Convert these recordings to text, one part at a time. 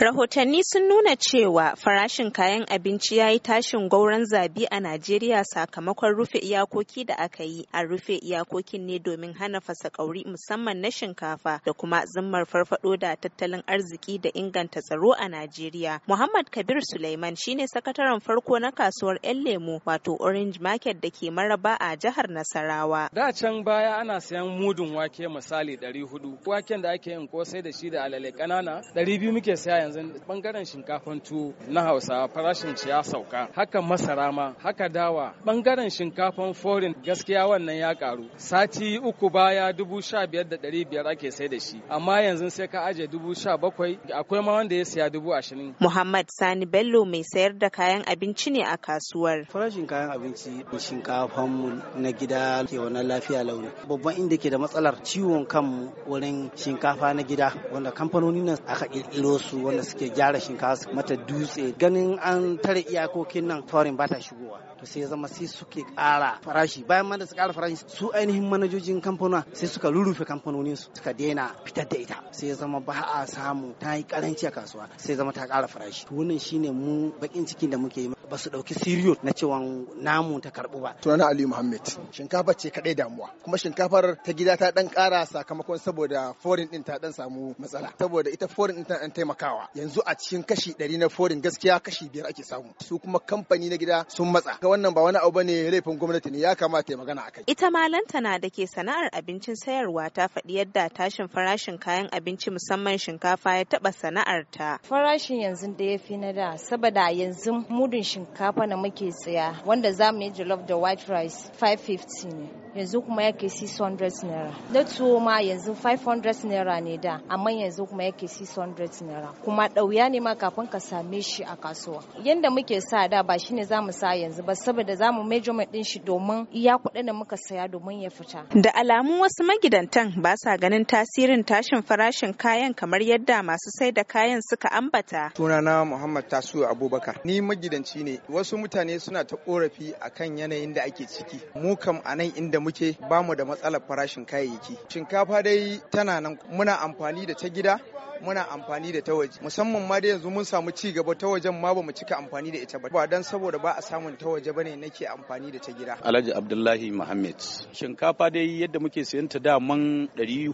Rahotanni sun nuna cewa farashin kayan abinci ya yi tashin gauran zabi a Najeriya sakamakon rufe iyakoki da aka yi. a rufe iyakokin ne domin hana fasa fasakauri musamman na shinkafa da kuma zimmar farfado da tattalin arziki da inganta tsaro a Najeriya. Muhammad Kabir Sulaiman shine sakataren farko na kasuwar 'yan lemo wato Orange Market da ke maraba a jihar Nasarawa. Da can baya ana sayan mudun wake misali 400, waken da ake yin kosai da shi da alale ƙanana 200 muke saya yanzu bangaren shinkafan tuwo na Hausa farashin ci ya sauka. Haka masara ma, haka dawa. Bangaren shinkafan forin gaskiya wannan ya karu. Sati uku baya dubu sha biyar da dari biyar ake sai da shi. Amma yanzu sai ka aje dubu sha bakwai akwai ma wanda ya siya dubu ashirin. Muhammad Sani Bello mai sayar da kayan abinci ne a kasuwar. Farashin kayan abinci shinkafan mu na gida ke wannan lafiya launi. Babban inda ke da matsalar ciwon kanmu wurin shinkafa na gida wanda kamfanoni nan aka ƙirƙiro su wanda suke gyara shinkafa su mata dutse ganin an tare iyakokin nan foreign ba ta shigowa to sai zama sai suke ƙara farashi bayan ma da su ƙara farashi su ainihin manajojin kamfuna sai suka rurrufe kamfanonin su suka daina fitar da ita sai zama ba a samu ta yi karanci a kasuwa sai zama ta ƙara farashi wannan shine mu bakin cikin da muke yi ba su ɗauki siriyo na cewa namu ta karɓu ba. Tunanin Ali Muhammad. Shinkafa ce kaɗai damuwa. Kuma shinkafar ta gida ta ɗan ƙara sakamakon saboda forin ɗin ta ɗan samu matsala. Saboda ita forin ɗin ta ɗan taimakawa. Yanzu a cikin kashi ɗari na forin gaskiya kashi biyar ake samu. Su kuma kamfani na gida sun matsa. Ga wannan ba wani abu bane laifin gwamnati ne ya kamata ya magana akai. Ita ma lantana da ke sana'ar abincin sayarwa ta faɗi yadda tashin farashin kayan abinci musamman shinkafa ya taɓa sana'arta. Farashin yanzu da ya fi na da saboda yanzu mudun shinkafa da muke siya wanda za mu yi jollof da white rice 550 ne yanzu kuma yake 600 naira na tuwo ma yanzu 500 naira ne da amma yanzu kuma yake 600 naira kuma ɗauya ne ma kafin ka same shi a kasuwa Yadda muke sa da ba shine za mu sa yanzu ba saboda za mu measurement din shi domin iya kuɗin da muka saya domin ya fita da alamu wasu magidantan ba sa ganin tasirin tashin farashin kayan kamar yadda masu sai da kayan suka ambata sunana muhammad tasu abubakar ni magidanci ne wasu mutane suna ta korafi akan yanayin da ake ciki mu kam anan inda da muke bamu da matsalar farashin kayayyaki. Shinkafa dai tana nan muna amfani da ta gida muna amfani da ta waje musamman ma da yanzu mun samu ci gaba ta wajen ma bamu cika amfani da ita ba ba dan saboda ba a samun ta waje bane nake amfani da ta gida Alhaji Abdullahi Muhammad shinkafa dai yadda muke sayan ta daman 400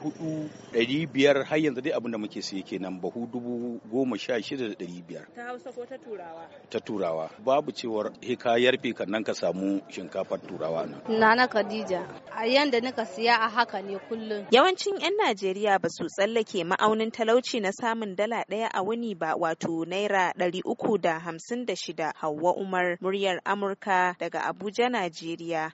500 har yanzu dai abin da muke saye kenan bahu dubu goma sha shida da ɗari biyar. Ta Hausa ko ta Turawa? Ta Turawa. Babu cewar hika yarfe kannan ka samu shinkafar Turawa nan. Nana Khadija, a yanda nika siya a haka ne kullum. Yawancin 'yan Najeriya ba su tsallake ma'aunin talauci kashi na samun dala ɗaya a wuni ba wato naira ɗari uku da hamsin da shida. Hauwa Umar muryar Amurka daga Abuja, Najeriya.